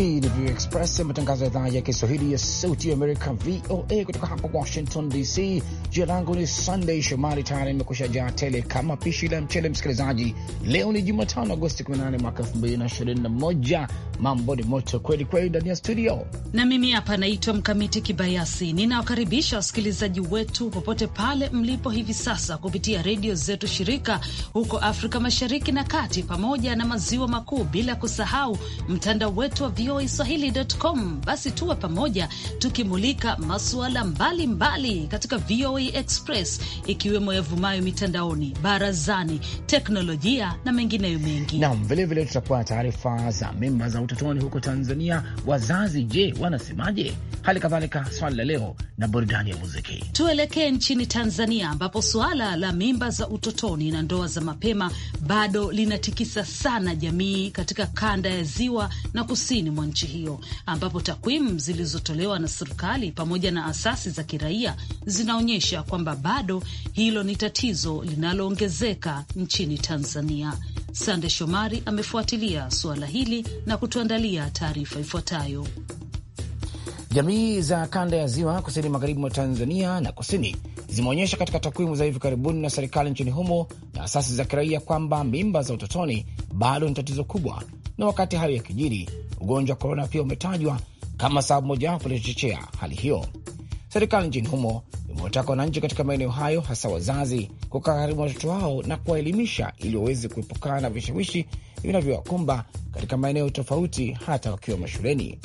Hii ni VOA Express, matangazo ya idhaa ya Kiswahili ya Sauti ya Amerika, VOA, kutoka hapa Washington DC. Jina langu ni Sunday Shomari, tayari imekusha jaa tele kama pishi la mchele. Msikilizaji, leo ni Jumatano, Agosti 18 mwaka 2021. Mambo ni moto kweli kweli ndani ya studio, na mimi hapa naitwa Mkamiti Kibayasi. Ninawakaribisha wasikilizaji wetu popote pale mlipo hivi sasa kupitia redio zetu shirika huko Afrika Mashariki na Kati pamoja na Maziwa Makuu, bila kusahau mtandao wetu wa voaswahili.com. Basi tuwe pamoja tukimulika masuala mbalimbali katika VOA Express, ikiwemo yavumayo mitandaoni, barazani, teknolojia na mengineyo mengi. Naam, vilevile tutakuwa na taarifa za mimba za utotoni huko Tanzania. Wazazi je, wanasemaje? Hali kadhalika swali la leo na burudani ya muziki. Tuelekee nchini Tanzania ambapo suala la mimba za utotoni na ndoa za mapema bado linatikisa sana jamii katika kanda ya ziwa na kusini mwa nchi hiyo, ambapo takwimu zilizotolewa na serikali pamoja na asasi za kiraia zinaonyesha kwamba bado hilo ni tatizo linaloongezeka nchini Tanzania. Sande Shomari amefuatilia suala hili na kutuandalia taarifa ifuatayo. Jamii za kanda ya ziwa kusini magharibi mwa Tanzania na kusini zimeonyesha katika takwimu za hivi karibuni na serikali nchini humo na asasi za kiraia kwamba mimba za utotoni bado ni tatizo kubwa, na wakati hayo kijiri ugonjwa wa korona pia umetajwa kama sababu mojawapo iliyochochea hali hiyo. Serikali nchini humo imewataka wananchi katika maeneo hayo, hasa wazazi, kukaa karibu watoto wao na kuwaelimisha ili waweze kuepukana na vishawishi vinavyowakumba katika maeneo tofauti, hata wakiwa mashuleni.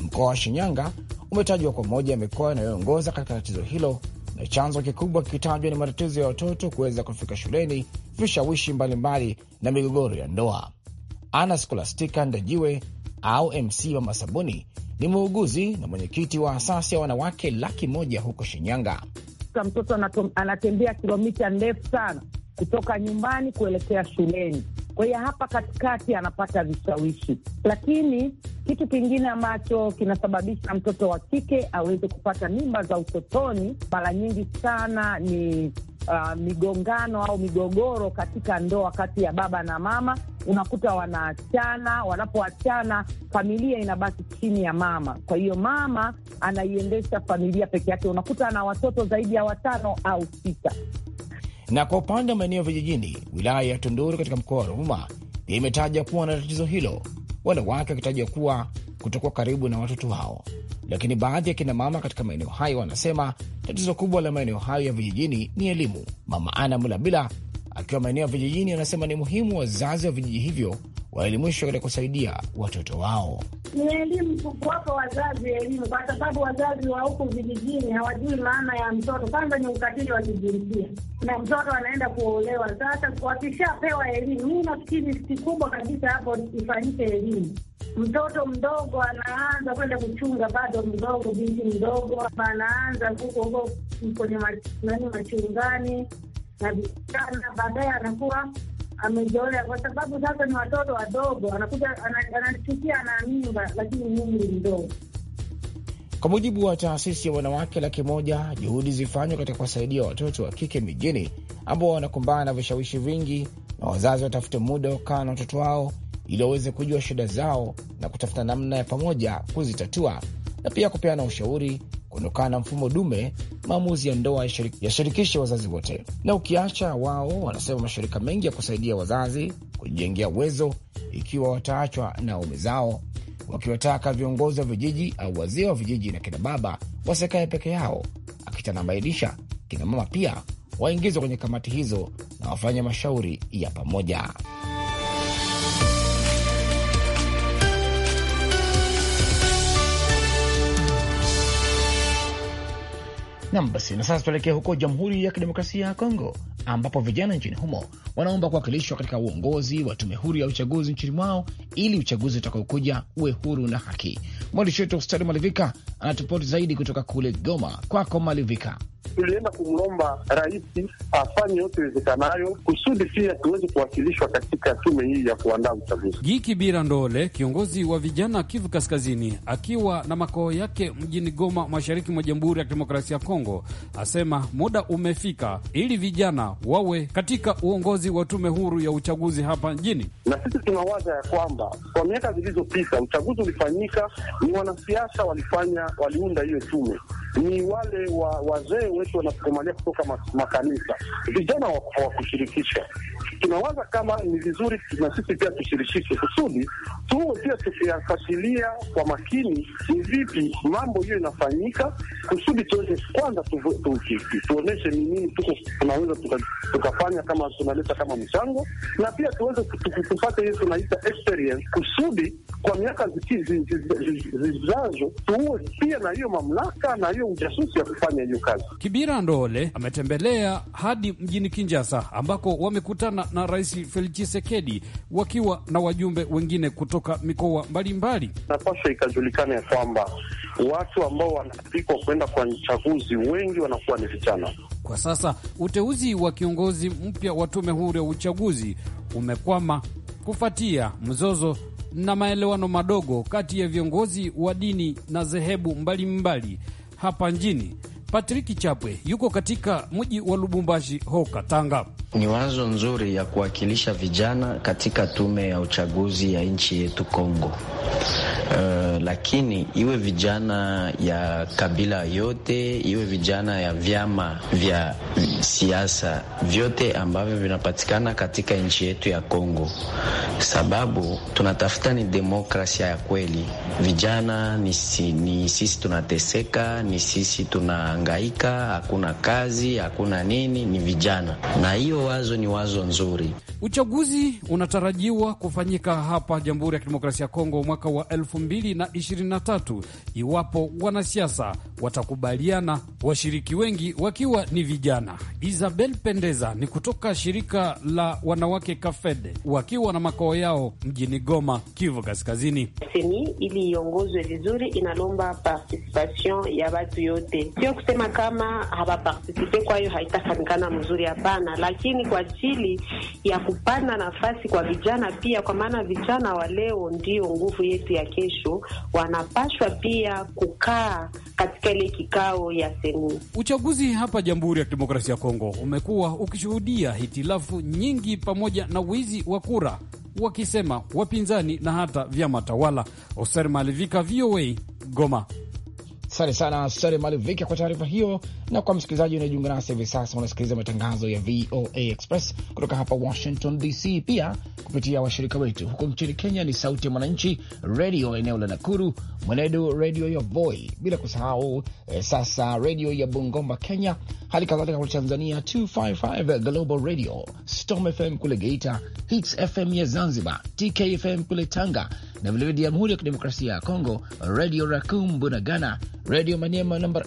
Mkoa wa Shinyanga umetajwa kwa moja ya mikoa inayoongoza katika tatizo hilo, na chanzo kikubwa kikitajwa ni matatizo ya watoto kuweza kufika shuleni, vishawishi mbalimbali na migogoro ya ndoa. Ana Skolastika Ndajiwe au MC Mama Sabuni ni muuguzi na mwenyekiti wa asasi ya wanawake laki moja huko Shinyanga. Mtoto anatembea kilomita ndefu sana kutoka nyumbani kuelekea shuleni kwa hiyo hapa katikati anapata vishawishi, lakini kitu kingine ambacho kinasababisha mtoto wa kike aweze kupata mimba za utotoni mara nyingi sana ni Uh, migongano au migogoro katika ndoa kati ya baba na mama. Unakuta wanaachana, wanapoachana familia inabaki chini ya mama. Kwa hiyo mama anaiendesha familia peke yake, unakuta ana watoto zaidi ya watano au sita. Na kwa upande wa maeneo ya vijijini, wilaya ya Tunduru katika mkoa wa Ruvuma pia imetaja kuwa na tatizo hilo, wanawake wakitajwa kuwa kutokuwa karibu na watoto wao. Lakini baadhi ya kinamama katika maeneo hayo wanasema tatizo kubwa la maeneo hayo ya vijijini ni elimu. Mama Ana Mulabila akiwa maeneo ya vijijini anasema ni muhimu wazazi wa vijiji hivyo waelimishwe katika kusaidia watoto wao. Ni elimu, kuwapa wazazi elimu, kwa sababu wazazi wa huku vijijini hawajui maana ya mtoto. Kwanza ni ukatili wa kijinsia, na mtoto anaenda kuolewa. Sasa wakishapewa elimu, mi nafikiri kikubwa kabisa hapo ifanyike elimu mtoto mdogo anaanza kwenda kuchunga, bado mdogo, binti mdogo anaanza huko huko kwenye machungani na vijana, baadaye anakuwa amejolea kwa sababu sasa ni watoto wadogo, anakuja anatukia ana mimba, lakini umri mdogo. Kwa mujibu wa taasisi ya wanawake laki moja, juhudi zifanywa katika kuwasaidia watoto wa kike mijini ambao wanakumbana na vishawishi vingi, na wazazi watafute muda wakaa kukaa na watoto wao ili waweze kujua shida zao na kutafuta namna ya pamoja kuzitatua na pia kupeana ushauri kuondokana na mfumo dume, maamuzi ya ndoa yashirikishe wazazi wote, na ukiacha wao, wanasema mashirika mengi ya kusaidia wazazi kujijengea uwezo ikiwa wataachwa na ume zao, wakiwataka viongozi wa vijiji au wazee wa vijiji na kina baba wasikae peke yao, akitanamailisha kina mama pia waingizwe kwenye kamati hizo na wafanye mashauri ya pamoja. Nam basi, na sasa tuelekee huko Jamhuri ya Kidemokrasia ya Kongo, ambapo vijana nchini humo wanaomba kuwakilishwa katika uongozi wa tume huru ya uchaguzi nchini mwao ili uchaguzi utakaokuja uwe huru na haki. Mwandishi wetu Hostari Malivika anatupoti zaidi kutoka kule Goma. Kwako Malivika tulienda kumlomba rais afanye yote iwezekanayo kusudi pia tuweze kuwakilishwa katika tume hii ya kuandaa uchaguzi. Giki Bira Ndole, kiongozi wa vijana Kivu Kaskazini, akiwa na makao yake mjini Goma, mashariki mwa Jamhuri ya Kidemokrasia ya Kongo, asema muda umefika ili vijana wawe katika uongozi wa tume huru ya uchaguzi hapa nchini. Na sisi tunawaza ya kwamba kwa miaka zilizopita uchaguzi ulifanyika, ni wanasiasa walifanya, waliunda hiyo tume ni wale wazee wetu wanatukumalia kutoka makanisa, vijana hawakushirikisha tunawaza kama ni vizuri na sisi pia tushirikishe kusudi tuwe pia tukiyafatilia kwa makini, ni vipi mambo hiyo inafanyika, kusudi tuweze kwanza tuonyeshe ni nini tuko tunaweza tukafanya kama tunaleta kama mchango, na pia tuweze tupate hiyo tunaita experience, kusudi kwa miaka zijazo tuwe pia na hiyo mamlaka na hiyo ujasusi ya kufanya hiyo kazi. Kibira Ndole ametembelea hadi mjini Kinjasa ambako wamekutana kukutana na Rais Felix Tshisekedi wakiwa na wajumbe wengine kutoka mikoa mbalimbali. Napaswa ikajulikana ya kwamba watu ambao wanapikwa kwenda kwa chaguzi wengi wanakuwa ni vijana. Kwa sasa uteuzi wa kiongozi mpya wa tume huru ya uchaguzi umekwama kufuatia mzozo na maelewano madogo kati ya viongozi wa dini na dhehebu mbalimbali hapa nchini. Patriki Chapwe yuko katika mji wa Lubumbashi, ho Katanga. Ni wazo nzuri ya kuwakilisha vijana katika tume ya uchaguzi ya nchi yetu Kongo. Uh, lakini iwe vijana ya kabila yote, iwe vijana ya vyama vya siasa vyote ambavyo vinapatikana katika nchi yetu ya Kongo, sababu tunatafuta ni demokrasia ya kweli. Vijana ni, si, ni sisi tunateseka, ni sisi tunaangaika, hakuna kazi, hakuna nini, ni vijana na hiyo wazo ni wazo nzuri. Uchaguzi unatarajiwa kufanyika hapa Jamhuri ya Kidemokrasia ya Kongo mwaka wa 2023 iwapo wanasiasa watakubaliana, washiriki wengi wakiwa ni vijana. Isabel Pendeza ni kutoka shirika la wanawake Kafede wakiwa na makao yao mjini Goma, Kivu Kaskazini. Seni ili iongozwe vizuri inalomba participation ya watu yote, sio kusema kama hawapartisipe, hiyo haitafanyikana mzuri, hapana, lakini lakini kwa ajili ya kupanda nafasi kwa vijana pia, kwa maana vijana wa leo ndio nguvu yetu ya kesho, wanapashwa pia kukaa katika ile kikao ya seni. Uchaguzi hapa Jamhuri ya Kidemokrasia ya Kongo umekuwa ukishuhudia hitilafu nyingi pamoja na wizi wa kura, wakisema wapinzani na hata vyama tawala. Oser Malivika, VOA Goma. Asante sana Sare Malivika kwa taarifa hiyo, na kwa msikilizaji unayejiunga nasi hivi sasa, unasikiliza matangazo ya VOA Express kutoka hapa Washington DC, pia kupitia washirika wetu huko nchini Kenya ni Sauti ya Mwananchi redio eneo la Nakuru, Mwenedu redio ya Voi, bila kusahau eh, sasa redio ya Bungoma Kenya, hali kadhalika kule Tanzania 255 Global Radio, Storm FM kule Geita, Hits FM ya Zanzibar, TK FM kule Tanga na vilevile Jamhuri ya Kidemokrasia ya Kongo, Redio Rakum Bunagana, Redio Maniema namba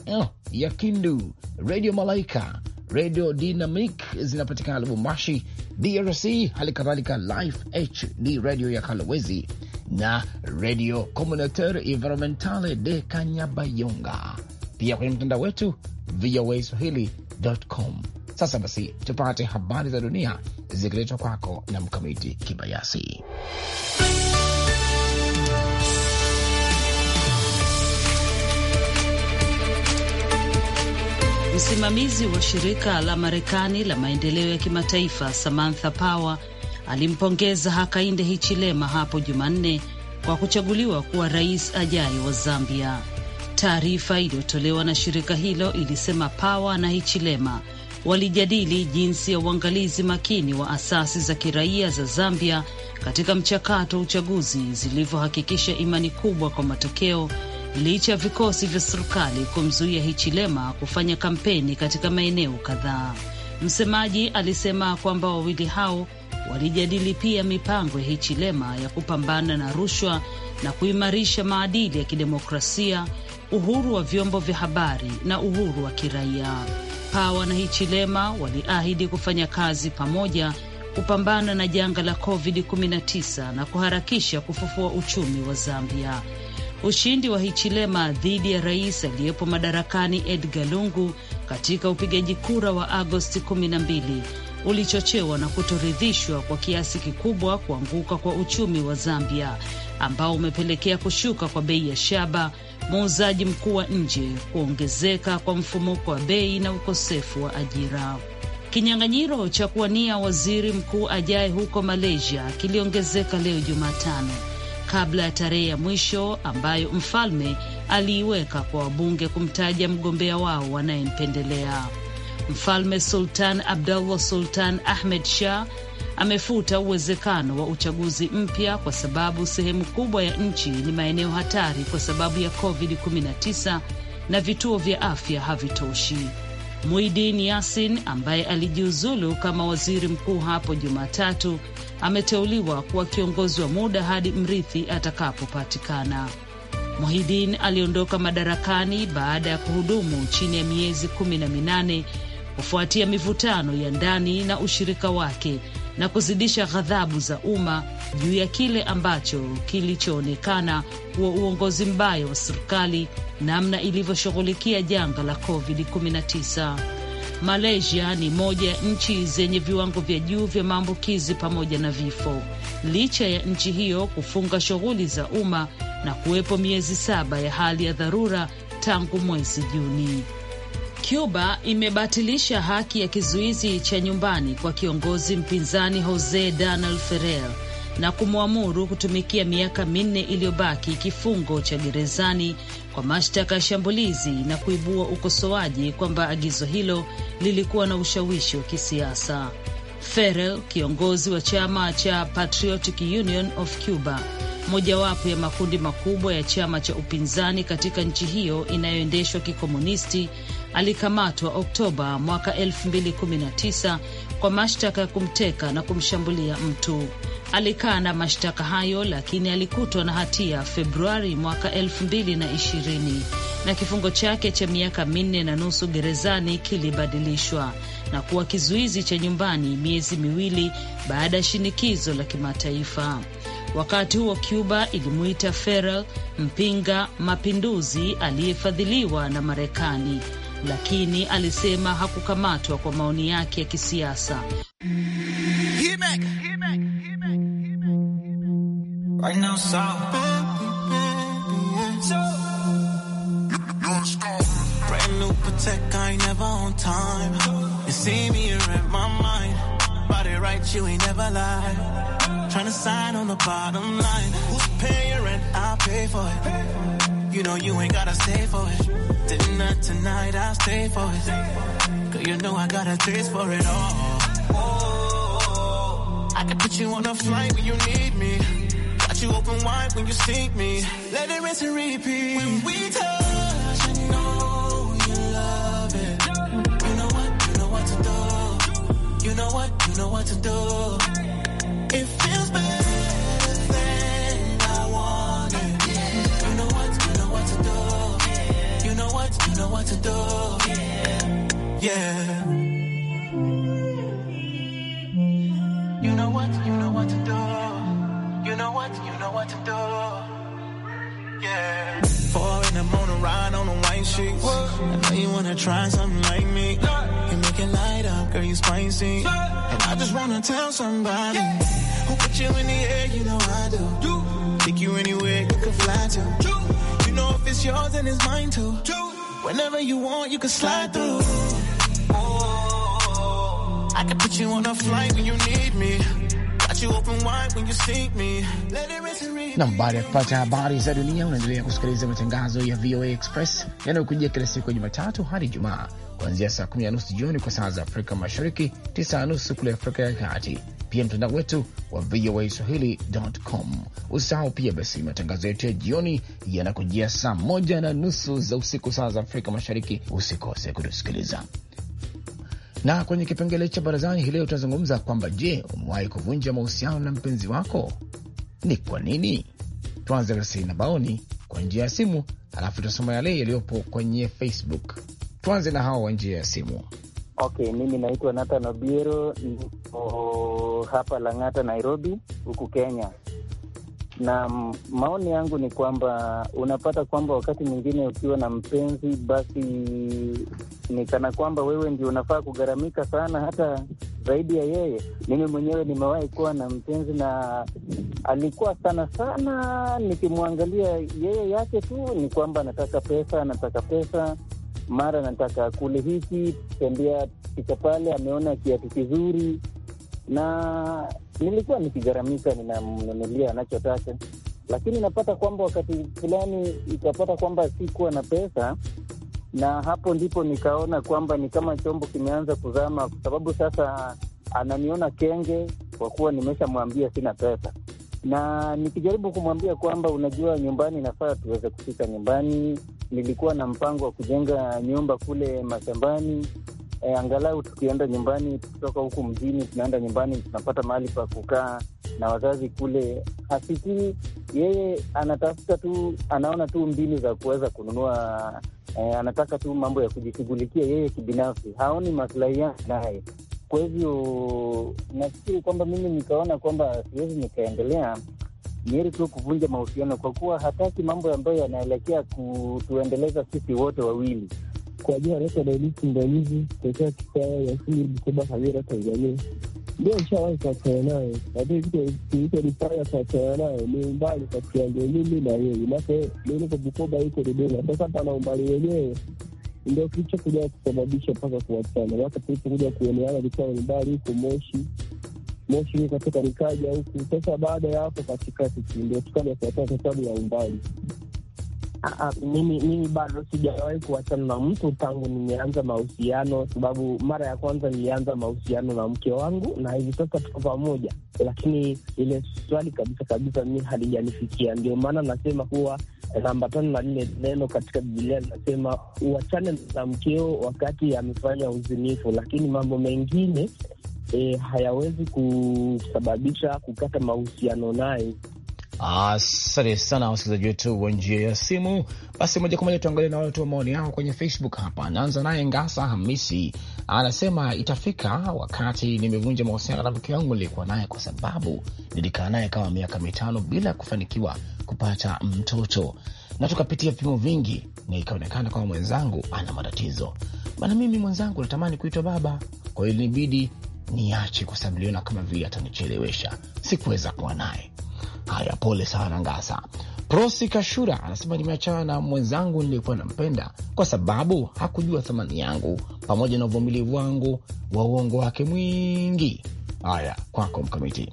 ya Kindu, Redio Malaika, Redio Dynamic zinapatikana Lubumbashi, DRC, hali kadhalika Life HD redio ya Kalowezi na Redio Communautaire Environnementale de Kanyabayonga, pia kwenye mtandao wetu VOA Swahili.com. Sasa basi tupate habari za dunia zikiletwa kwako na Mkamiti Kibayasi. Msimamizi wa shirika la Marekani la maendeleo ya kimataifa Samantha Power alimpongeza Hakainde Hichilema hapo Jumanne kwa kuchaguliwa kuwa rais ajaye wa Zambia. Taarifa iliyotolewa na shirika hilo ilisema Power na Hichilema walijadili jinsi ya uangalizi makini wa asasi za kiraia za Zambia katika mchakato wa uchaguzi zilivyohakikisha imani kubwa kwa matokeo licha ya vikosi vya serikali kumzuia Hichilema kufanya kampeni katika maeneo kadhaa. Msemaji alisema kwamba wawili hao walijadili pia mipango ya Hichilema ya kupambana na rushwa na kuimarisha maadili ya kidemokrasia, uhuru wa vyombo vya habari na uhuru wa kiraia. Pawa na Hichilema waliahidi kufanya kazi pamoja kupambana na janga la COVID-19 na kuharakisha kufufua uchumi wa Zambia. Ushindi wa Hichilema dhidi ya rais aliyepo madarakani Edgar Lungu katika upigaji kura wa Agosti 12 ulichochewa na kutoridhishwa kwa kiasi kikubwa kuanguka kwa uchumi wa Zambia ambao umepelekea kushuka kwa bei ya shaba, muuzaji mkuu wa nje, kuongezeka kwa mfumuko wa bei na ukosefu wa ajira. Kinyang'anyiro cha kuwania waziri mkuu ajaye huko Malaysia kiliongezeka leo Jumatano kabla ya tarehe ya mwisho ambayo mfalme aliiweka kwa wabunge kumtaja mgombea wao wanayempendelea. Mfalme Sultan Abdullah Sultan Ahmed Shah amefuta uwezekano wa uchaguzi mpya kwa sababu sehemu kubwa ya nchi ni maeneo hatari kwa sababu ya COVID-19 na vituo vya afya havitoshi. Muidin Yasin ambaye alijiuzulu kama waziri mkuu hapo Jumatatu ameteuliwa kuwa kiongozi wa muda hadi mrithi atakapopatikana. Muhidin aliondoka madarakani baada ya kuhudumu chini ya miezi kumi na minane kufuatia mivutano ya ndani na ushirika wake na kuzidisha ghadhabu za umma juu ya kile ambacho kilichoonekana kuwa uongozi mbaya wa serikali namna ilivyoshughulikia janga la COVID-19. Malaysia ni moja ya nchi zenye viwango vya juu vya maambukizi pamoja na vifo, licha ya nchi hiyo kufunga shughuli za umma na kuwepo miezi saba ya hali ya dharura tangu mwezi Juni. Cuba imebatilisha haki ya kizuizi cha nyumbani kwa kiongozi mpinzani Jose Daniel Ferrer na kumwamuru kutumikia miaka minne iliyobaki kifungo cha gerezani kwa mashtaka ya shambulizi na kuibua ukosoaji kwamba agizo hilo lilikuwa na ushawishi wa kisiasa. Ferrell, kiongozi wa chama cha Patriotic Union of Cuba, mojawapo ya makundi makubwa ya chama cha upinzani katika nchi hiyo inayoendeshwa kikomunisti, alikamatwa Oktoba mwaka 2019 kwa mashtaka ya kumteka na kumshambulia mtu alikana mashtaka hayo, lakini alikutwa na hatia Februari mwaka 2020 na kifungo chake cha miaka minne na nusu gerezani kilibadilishwa na kuwa kizuizi cha nyumbani miezi miwili baada ya shinikizo la kimataifa. Wakati huo Cuba ilimuita Ferrell mpinga mapinduzi aliyefadhiliwa na Marekani, lakini alisema hakukamatwa kwa maoni yake ya kisiasa. right now, so. Brand new Patek, I ain't never on time. You see me, you're in my mind. Body right, you ain't never lie. Tryna sign on the bottom line. Who's paying your rent? I'll pay for it. You know you ain't gotta stay for it. Dinner tonight, I'll stay for it. Cause you know I got a taste for it all. Oh, I can put you on a flight when you need me. Got you open wide when you see me. Let it rinse and repeat. When we touch, I know you love it. You know what, you know what to do. You know what, you know what to do. If trying something like me. You make it light up, girl, you spicy. And I just wanna tell somebody who put you in the air, you know I do. Take you anywhere you can fly to. You know if it's yours and it's mine too. Whenever you want, you can slide through. I can put you on a flight when you need me. Nam, baada ya kupata habari za dunia, unaendelea kusikiliza matangazo ya VOA Express yanayokujia kila siku ya Jumatatu hadi jumaa kuanzia saa kumi na nusu jioni kwa saa za Afrika Mashariki, tisa na nusu kule Afrika ya Kati. Pia mtandao wetu wa VOA Swahili.com. Usahau pia basi, matangazo yetu ya jioni yanakujia saa moja na nusu za usiku, saa za Afrika Mashariki. Usikose kutusikiliza. Na kwenye kipengele cha barazani hii leo tunazungumza kwamba, je, umewahi kuvunja mahusiano na mpenzi wako? Ni kwa nini? Tuanze rasii na baoni kwa njia ya simu, halafu tutasoma yale yaliyopo kwenye Facebook. Tuanze na hawa wa njia ya simu. Okay, mimi naitwa Nathan Obiero, niko hapa Lang'ata, Nairobi huku Kenya, na maoni yangu ni kwamba unapata kwamba wakati mwingine ukiwa na mpenzi basi ni kana kwamba wewe ndio unafaa kugharamika sana, hata zaidi ya yeye. Mimi mwenyewe nimewahi kuwa na mpenzi, na alikuwa sana sana nikimwangalia yeye, yake tu ni kwamba anataka pesa, anataka pesa, mara anataka kule hiki, tembea pika pale, ameona kiatu kizuri, na nilikuwa nikigharamika, ninamnunulia anachotaka, lakini napata kwamba wakati fulani ikapata kwamba sikuwa na pesa na hapo ndipo nikaona kwamba ni kama chombo kimeanza kuzama, kwa sababu sasa ananiona kenge kwa kuwa nimeshamwambia sina pesa, na nikijaribu kumwambia kwamba unajua, nyumbani nafaa tuweze kufika nyumbani. Nilikuwa na mpango wa kujenga nyumba kule mashambani e, angalau tukienda nyumbani, tukitoka huku mjini tunaenda nyumbani, tunapata mahali pa kukaa na wazazi kule. Hasikii yeye, anatafuta tu, anaona tu mbinu za kuweza kununua eh, anataka tu mambo ya kujishughulikia yeye kibinafsi, haoni maslahi yake naye. Kwa hivyo nafikiri kwamba mimi nikaona kwamba siwezi nikaendelea nieri tu kuvunja mahusiano, kwa kuwa hataki mambo ambayo yanaelekea kutuendeleza sisi wote wawili. Kwa jina naitwa Dalisi Ndanizi tokea Kisaa ya Bukoba, Kagera, Tanzania ndio nishawahi kuachana naye, lakini kilichonifanya kuachana naye ni umbali kati yangu mimi na yeye, make niliko Bukoba iko Dodoma. Sasa pana umbali wenyewe ndio kilichokuja kusababisha mpaka kuachana, make tulipokuja kuoneana likiwa umbali huko Moshi Moshi nikatoka nikaja huku. Sasa baada ya hapo katikati ndio tukaja kuachana kwa sababu ya umbali. Ah, ah, mimi mimi bado sijawahi kuachana na mtu tangu nimeanza mahusiano, sababu mara ya kwanza nilianza mahusiano na mke wangu na hivi sasa tuko pamoja, lakini ile swali kabisa kabisa mi halijanifikia. Ndio maana nasema kuwa eh, namba tano na lile neno katika Bibilia linasema uachane na mkeo wakati amefanya uzinifu, lakini mambo mengine e, hayawezi kusababisha kukata mahusiano naye. Asante sana wasikilizaji wetu wa njia ya simu. Basi moja kwa moja tuangalie na watu wa maoni yao kwenye Facebook hapa. naanza naye Ngasa Hamisi, anasema itafika wakati nimevunja mahusiano na mke wangu nilikuwa naye, kwa sababu nilikaa naye kama miaka mitano bila kufanikiwa kupata mtoto na tukapitia vipimo vingi na ikaonekana kama mwenzangu ana matatizo, maana mimi mwenzangu natamani kuitwa baba. Kwa hiyo ilinibidi niache, kwa sababu niliona kama vile atanichelewesha, sikuweza kuwa naye Haya, pole sana Ngasa. Prosi Kashura anasema nimeachana na mwenzangu niliyokuwa nampenda kwa sababu hakujua thamani yangu, pamoja na uvumilivu wangu wa uongo wake mwingi. Haya, kwako Mkamiti.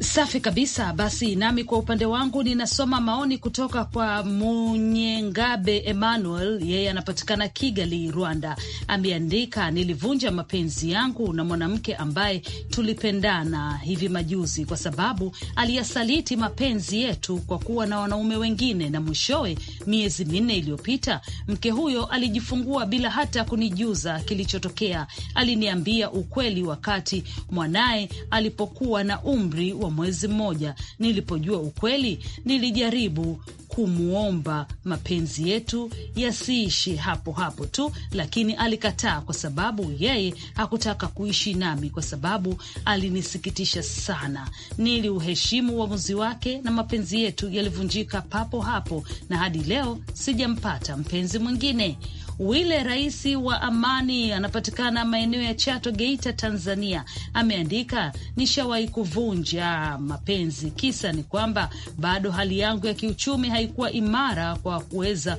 Safi kabisa. Basi nami kwa upande wangu ninasoma maoni kutoka kwa Munyengabe Emmanuel, yeye anapatikana Kigali, Rwanda. Ameandika, nilivunja mapenzi yangu na mwanamke ambaye tulipendana hivi majuzi, kwa sababu aliyasaliti mapenzi yetu kwa kuwa na wanaume wengine, na mwishowe, miezi minne iliyopita, mke huyo alijifungua bila hata kunijuza kilichotokea. Aliniambia ukweli wakati mwanaye alipokuwa na umri wa kwa mwezi mmoja. Nilipojua ukweli, nilijaribu kumwomba mapenzi yetu yasiishi hapo hapo tu, lakini alikataa kwa sababu yeye hakutaka kuishi nami, kwa sababu alinisikitisha sana. Niliuheshimu uamuzi wake na mapenzi yetu yalivunjika papo hapo, na hadi leo sijampata mpenzi mwingine. Wile Raisi wa Amani anapatikana maeneo ya Chato, Geita, Tanzania, ameandika nishawahi kuvunja mapenzi. Kisa ni kwamba bado hali yangu ya kiuchumi haikuwa imara kwa kuweza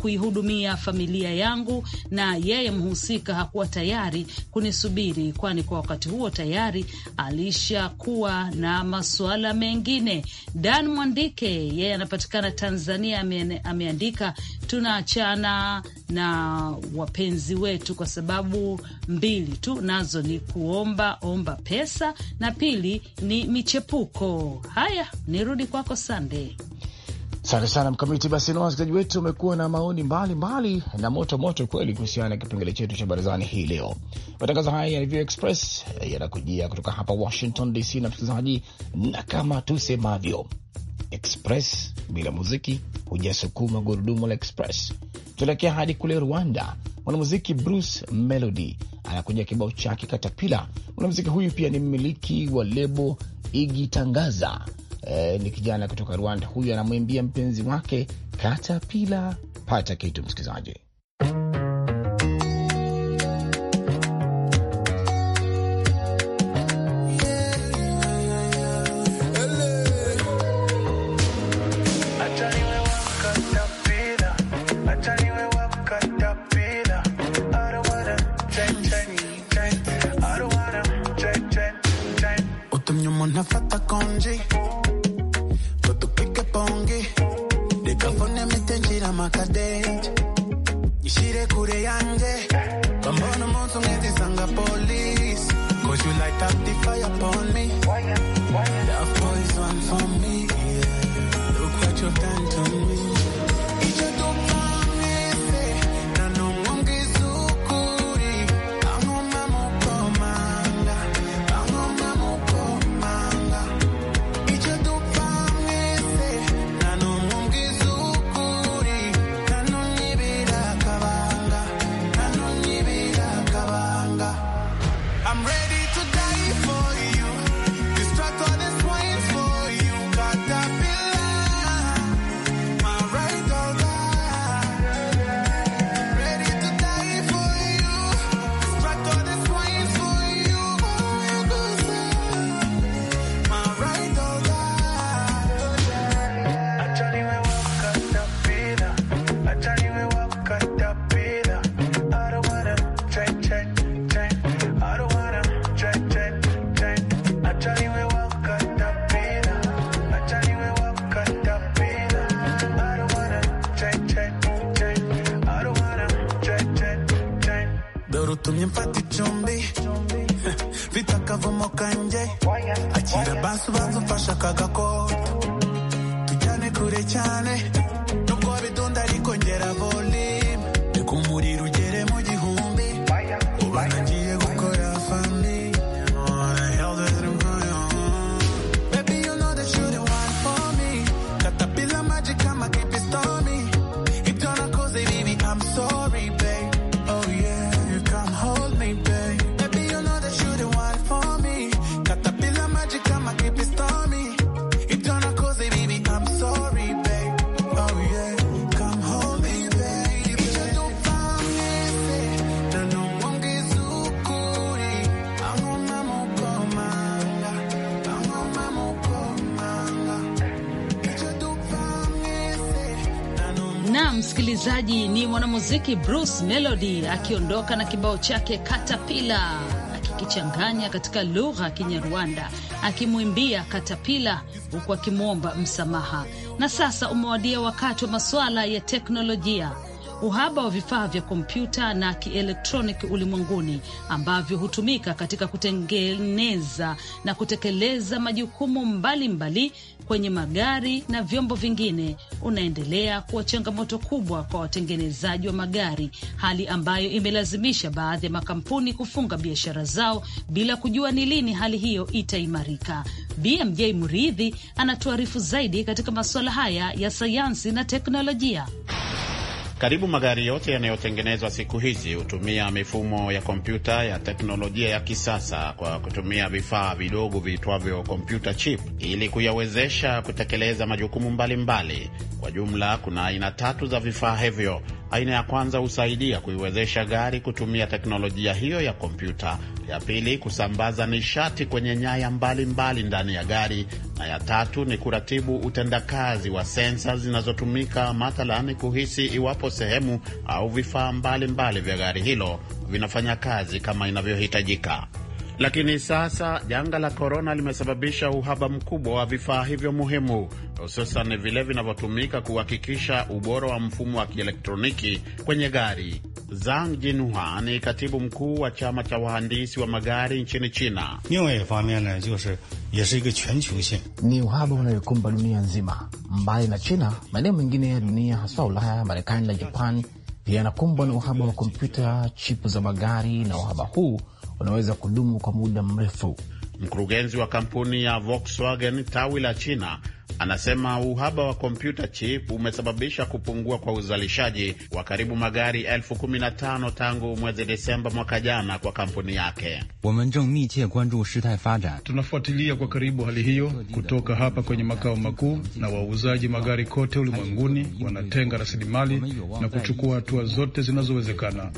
kuihudumia familia yangu, na yeye mhusika hakuwa tayari kunisubiri, kwani kwa wakati huo tayari alishakuwa na masuala mengine. Dan Mwandike yeye anapatikana Tanzania, ameandika tunaachana na wapenzi wetu kwa sababu mbili tu, nazo ni kuomba omba pesa na pili ni michepuko. Haya, nirudi kwako Sande. Asante sana Mkamiti. Basi na wasikilizaji wetu wamekuwa na maoni mbalimbali na moto moto kweli kuhusiana na kipengele chetu cha barazani hii leo. Matangazo haya ya VOA Express yanakujia kutoka hapa Washington DC, na msikilizaji, na kama tusemavyo Express bila muziki hujasukuma gurudumu la Express. Tuelekea hadi kule Rwanda, mwanamuziki Bruce Melody anakuja kibao chake Katapila. Mwanamuziki huyu pia ni mmiliki wa lebo Igitangaza. E, ni kijana kutoka Rwanda, huyu anamwimbia mpenzi wake Katapila. Pata kitu msikilizaji. kure yanje bambona umunsi polisi cause you light up the fire upon me love poison for me yeah. look what you've done to me akavumo kanjye akira basu banza umfashe akagakora tujyane kure cyane msikilizaji, ni mwanamuziki Bruce Melody akiondoka na kibao chake Katapila, akikichanganya katika lugha ya Kinyarwanda, akimwimbia Katapila huku akimwomba msamaha. Na sasa umewadia wakati wa masuala ya teknolojia uhaba wa vifaa vya kompyuta na kielektroniki ulimwenguni ambavyo hutumika katika kutengeneza na kutekeleza majukumu mbalimbali mbali kwenye magari na vyombo vingine unaendelea kuwa changamoto kubwa kwa watengenezaji wa magari, hali ambayo imelazimisha baadhi ya makampuni kufunga biashara zao bila kujua ni lini hali hiyo itaimarika. BMJ Muridhi anatuarifu zaidi katika masuala haya ya sayansi na teknolojia. Karibu magari yote yanayotengenezwa siku hizi hutumia mifumo ya kompyuta ya teknolojia ya kisasa kwa kutumia vifaa vidogo viitwavyo kompyuta chip ili kuyawezesha kutekeleza majukumu mbalimbali mbali. Kwa jumla kuna aina tatu za vifaa hivyo Aina ya kwanza husaidia kuiwezesha gari kutumia teknolojia hiyo ya kompyuta, ya pili kusambaza nishati kwenye nyaya mbalimbali ndani ya gari, na ya tatu ni kuratibu utendakazi wa sensa zinazotumika, mathalani kuhisi iwapo sehemu au vifaa mbalimbali vya gari hilo vinafanya kazi kama inavyohitajika. Lakini sasa janga la korona limesababisha uhaba mkubwa wa vifaa hivyo muhimu, hususan vile vinavyotumika kuhakikisha ubora wa mfumo wa kielektroniki kwenye gari. Zhang Jinhua ni katibu mkuu wa chama cha wahandisi wa magari nchini China. Ni uhaba unayoikumba dunia nzima. Mbali na China, maeneo mengine ya dunia haswa Ulaya, Marekani na Japan pia yanakumbwa na uhaba wa kompyuta, chipu za magari, na uhaba huu unaweza kudumu kwa muda mrefu. Mkurugenzi wa kampuni ya Volkswagen tawi la China anasema uhaba wa kompyuta chip umesababisha kupungua kwa uzalishaji wa karibu magari elfu kumi na tano tangu mwezi Desemba mwaka jana kwa kampuni yake. Tunafuatilia kwa karibu hali hiyo kutoka hapa kwenye makao makuu, na wauzaji magari kote ulimwenguni wanatenga rasilimali na kuchukua hatua zote zinazowezekana.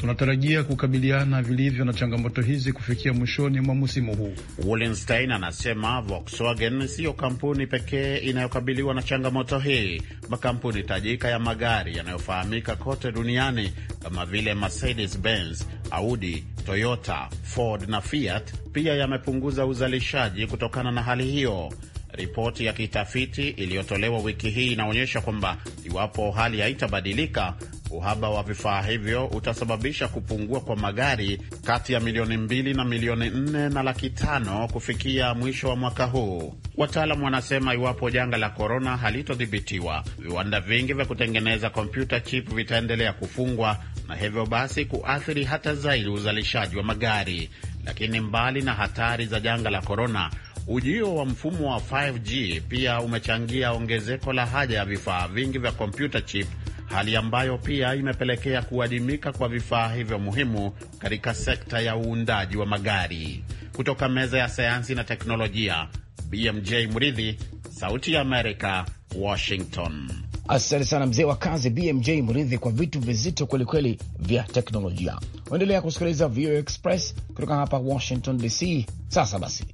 Tunatarajia kukabiliana vilivyo na changamoto hizi kufikia mwishoni mwa msimu huu. Wolenstein anasema Volkswagen siyo kampuni pekee inayokabiliwa na changamoto hii. Makampuni tajika ya magari yanayofahamika kote duniani kama vile Mercedes Benz, Audi, Toyota, Ford na Fiat pia yamepunguza uzalishaji kutokana na hali hiyo. Ripoti ya kitafiti iliyotolewa wiki hii inaonyesha kwamba iwapo hali haitabadilika, uhaba wa vifaa hivyo utasababisha kupungua kwa magari kati ya milioni mbili na milioni nne na laki tano kufikia mwisho wa mwaka huu. Wataalamu wanasema iwapo janga la korona halitodhibitiwa, viwanda vingi vya kutengeneza kompyuta chip vitaendelea kufungwa na hivyo basi kuathiri hata zaidi uzalishaji wa magari. Lakini mbali na hatari za janga la korona Ujio wa mfumo wa 5G pia umechangia ongezeko la haja ya vifaa vingi vya kompyuta chip, hali ambayo pia imepelekea kuadimika kwa vifaa hivyo muhimu katika sekta ya uundaji wa magari. Kutoka meza ya sayansi na teknolojia, BMJ Mridhi, Sauti ya Amerika, Washington. Asante sana mzee wa kazi BMJ Mridhi kwa vitu vizito kwelikweli vya teknolojia. uendelea kusikiliza VOA Express kutoka hapa Washington DC. Sasa basi,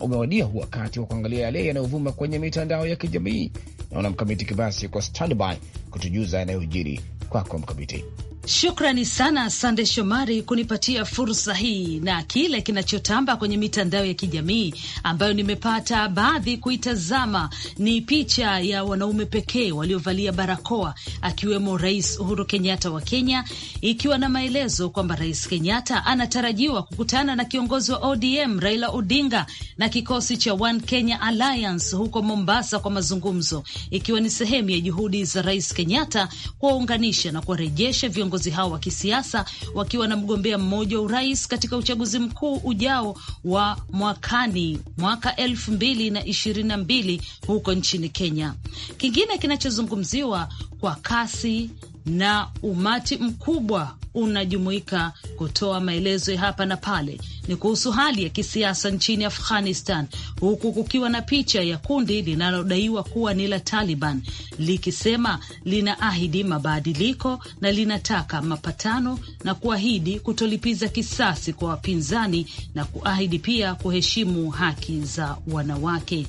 umewadia hu wakati wa kuangalia yale yanayovuma kwenye mitandao ya kijamii. Naona Mkamiti Kibasi kwa standby kutujuza yanayojiri kwako, Mkamiti. Shukrani sana Sande Shomari kunipatia fursa hii na kile kinachotamba kwenye mitandao ya kijamii ambayo nimepata baadhi kuitazama ni picha ya wanaume pekee waliovalia barakoa akiwemo Rais Uhuru Kenyatta wa Kenya, ikiwa na maelezo kwamba Rais Kenyatta anatarajiwa kukutana na kiongozi wa ODM Raila Odinga na kikosi cha One Kenya Alliance huko Mombasa kwa mazungumzo, ikiwa ni sehemu ya juhudi za Rais Kenyatta kuwaunganisha na kuwarejesha viongozi hao wa kisiasa wakiwa na mgombea mmoja wa urais katika uchaguzi mkuu ujao wa mwakani mwaka elfu mbili na ishirini na mbili huko nchini Kenya. Kingine kinachozungumziwa kwa kasi na umati mkubwa unajumuika kutoa maelezo ya hapa na pale. Ni kuhusu hali ya kisiasa nchini Afghanistan, huku kukiwa na picha ya kundi linalodaiwa kuwa ni la Taliban likisema linaahidi mabadiliko na linataka mapatano na kuahidi kutolipiza kisasi kwa wapinzani na kuahidi pia kuheshimu haki za wanawake.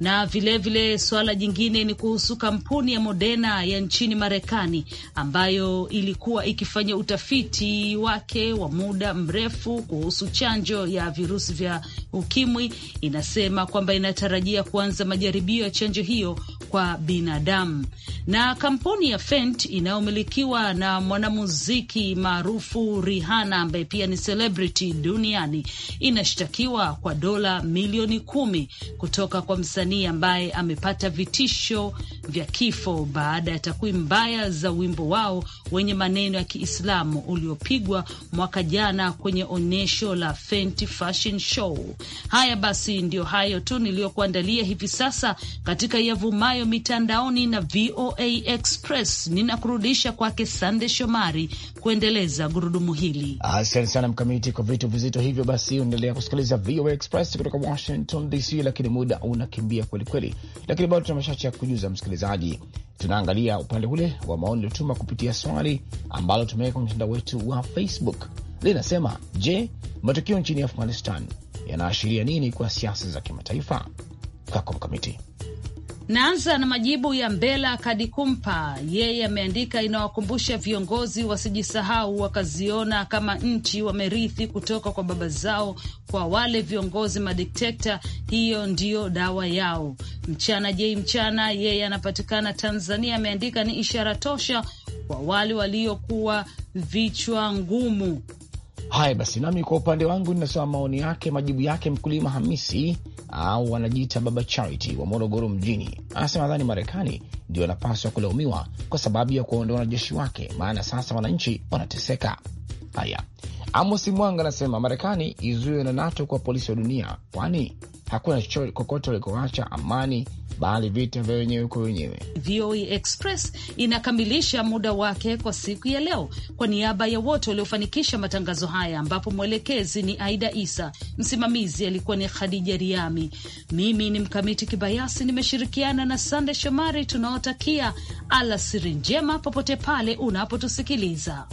Na vilevile vile suala jingine ni kuhusu kampuni ya Moderna ya nchini Marekani ambayo ilikuwa ikifanya utafiti wake wa muda mrefu kuhusu chanjo ya virusi vya ukimwi, inasema kwamba inatarajia kuanza majaribio ya chanjo hiyo kwa binadamu. Na kampuni ya Fenty inayomilikiwa na mwanamuziki maarufu Rihanna ambaye pia ni celebrity duniani inashtakiwa kwa dola milioni kumi kutoka kwa msanii ambaye amepata vitisho vya kifo baada ya takwimu mbaya za wimbo wao wenye maneno ya Kiislamu uliopigwa mwaka jana kwenye onyesho la Fenty Fashion Show. Haya basi, ndiyo hayo tu niliyokuandalia hivi sasa katika yavumayo yavumayo mitandaoni na VOA Express. Ninakurudisha kwake Sande Shomari kuendeleza gurudumu hili. Asante sana Mkamiti kwa vitu vizito hivyo. Basi unaendelea kusikiliza VOA Express kutoka Washington DC, lakini muda unakimbia kwelikweli, lakini bado tuna machache ya kujuza msikilizaji. Tunaangalia upande ule wa maoni liotuma kupitia swali ambalo tumeweka kwenye mtandao wetu wa Facebook. Linasema, je, matukio nchini Afghanistan yanaashiria nini kwa siasa za kimataifa? Kako Mkamiti. Naanza na majibu ya Mbela Kadikumpa. Yeye ameandika inawakumbusha viongozi wasijisahau, wakaziona kama nchi wamerithi kutoka kwa baba zao. Kwa wale viongozi madiktekta, hiyo ndiyo dawa yao. Mchana Jei Mchana, yeye anapatikana Tanzania, ameandika ni ishara tosha kwa wale waliokuwa vichwa ngumu Haya basi, nami kwa upande wangu ninasoma maoni yake, majibu yake. Mkulima Hamisi au wanajiita Baba Charity wa Morogoro mjini anasema nadhani Marekani ndio anapaswa kulaumiwa kwa sababu ya kuwaondoa wanajeshi wake, maana sasa wananchi wanateseka. Haya, Amos Mwanga anasema Marekani izuiwe na NATO kwa polisi wa dunia, kwani hakuna kokote walikoacha amani bali vita vya wenyewe kwa wenyewe. VOA e Express inakamilisha muda wake kwa siku ya leo. Kwa niaba ya wote waliofanikisha matangazo haya, ambapo mwelekezi ni Aida Isa, msimamizi alikuwa ni Khadija Riami, mimi ni Mkamiti Kibayasi, nimeshirikiana na Sande Shomari. Tunaotakia alasiri njema popote pale unapotusikiliza.